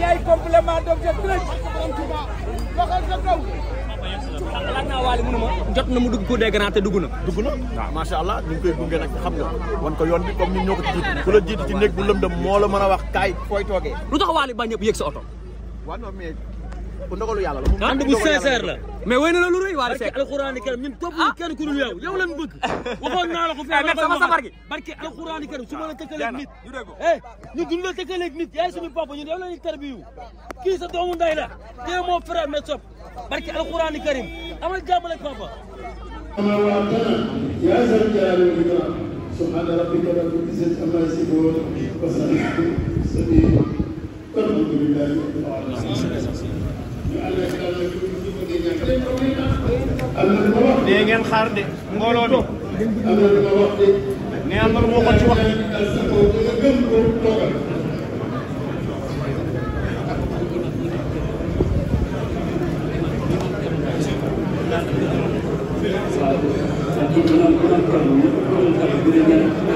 yaay complément donc je laaj ma jot na mu dugg ko dee grand te dugg na dugg na waaw macha allah ñu ngi koy gunge nag xam nga wan ko yoon bi comme ñun ñoo ko ci bu lëndëm moo la mën a wax kaay fooy toogee lu tax waale ba ñëpp yëg sa oto bu ndogalu yàlla la. ànd bu sincère la. mais wéy na la lu rëy waa Seck. barke alxuraani karim ñun topp ñu kenn ku dul yow yow lañ bëgg. waxoon naa la ko fi mais sama safar gi. barke alxuraani karim su ma la tëkkaleeg nit. eh ñu duñ la tëkkaleeg nit yaay suñu papa ñun yow la ñuy tarbiyu kii sa doomu ndey la tey moo frère mais sopp barke alxuraani karim amal jàmmale papa. أما وأعطنا يا ذا الجلال والإكرام سبحان ربك رب العزة عما يصفون وسلام سبيل والحمد لله رب العالمين dee ngeen xaar de mbooloo bi nee am na lu ma waxoon ci wax ji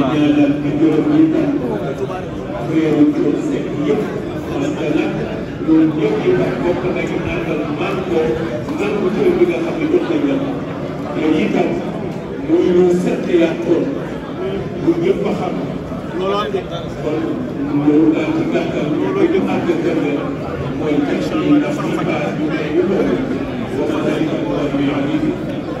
waaw ñu jëlal ñu jëlal ñu daan ko réewu Thiel Seck yëpp parce que nag loolu ñëpp ñu baax bokk nañu àndal man ko man ko cër bi nga xam ne jox nañ la ko loolu itam muy lu set yàqoon bu ñëpp a xam kon loolu daal ci gàttal loolu ñu ànd kër la mooy texte yi ndax ci base bi day yu bëri waxal nañ ko waa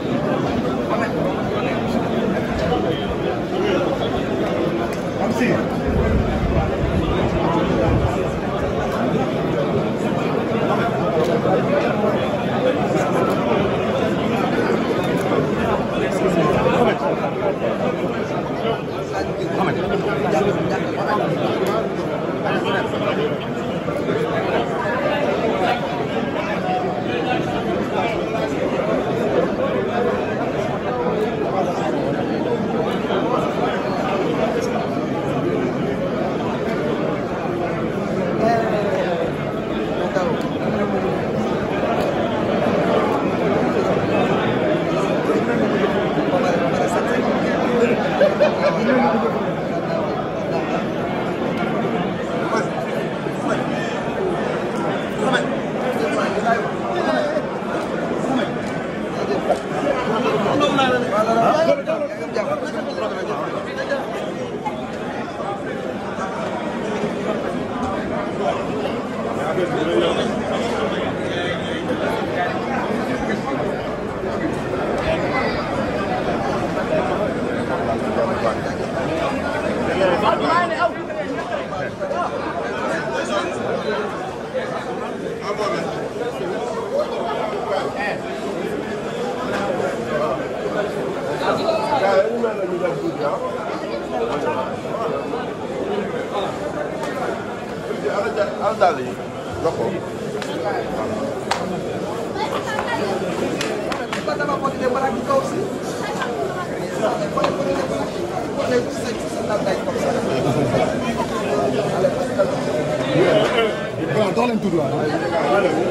tudd waaw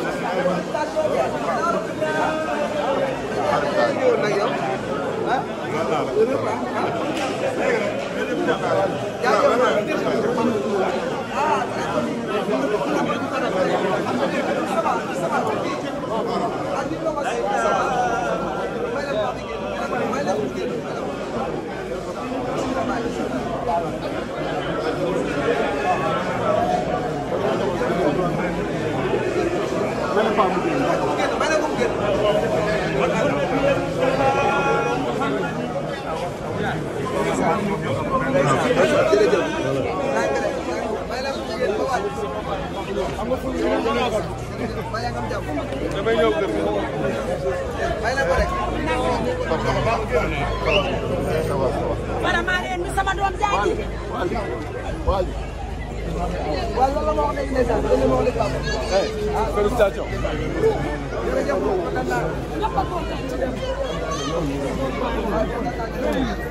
Vamos. bara maa reen bi sama doom jaay ji waaw loolu moo xam ne sax loolu moo xam ne félicitation jërëjëf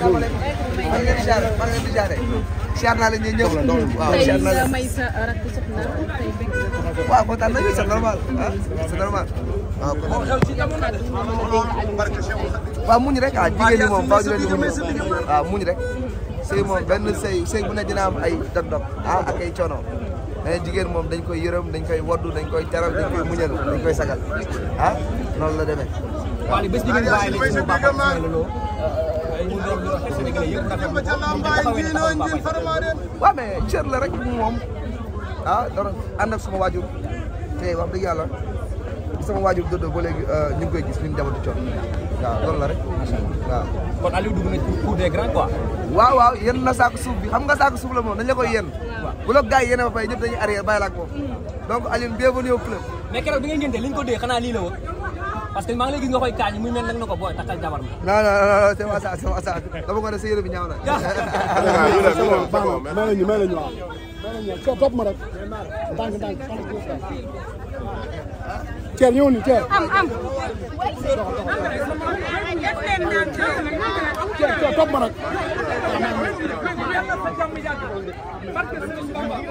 asalaamaaleykum man ngeen di jaare man ngeen di jaare siyaar naa la ñuy ñëw waaw siyaar naa la may sa rakk soxna tey bëgg waaw kontaan nañu c'est normal ah c'est normal waaw kon waaw muñ rek ah jigéen ñi moom faaw ñu leen di muñ waaw muñ rek sëy moom benn sëy sëy bu ne dina am ay dog-dog ah ak ay coono mais jigéen moom dañ koy yërëm dañ koy waddu dañ koy teral dañ koy muñal dañ koy sagal ah noonu la demee waaw bés bi ngeen bàyyi la ci waaw mais cër la rek moom ah dara ànd ak sama waajur te wax dëgg yàlla sama waajur dodo ba léegi euh, ñu ngi koy gis ni mu demati coon waaw la rek waaw kon Aliou dugg na ci cour des grands quoi na saako suuf bi xam nga saako suuf la moom dañ la koy yenn bu la gars yi yéene ba fay ñëpp dañuy arrière bàyyi mm. bi nga ngénte liñ ko dee xanaa lii la woon parce que maa ngi lay gis nga koy kaaj muy na ko booy takkal jabar ma. non non non c'est pas ça c'est pas ça dama ko def si yére bi ñaaw na. may la ñu may la ñu waaw. may la ni Thiel. am am. Thiel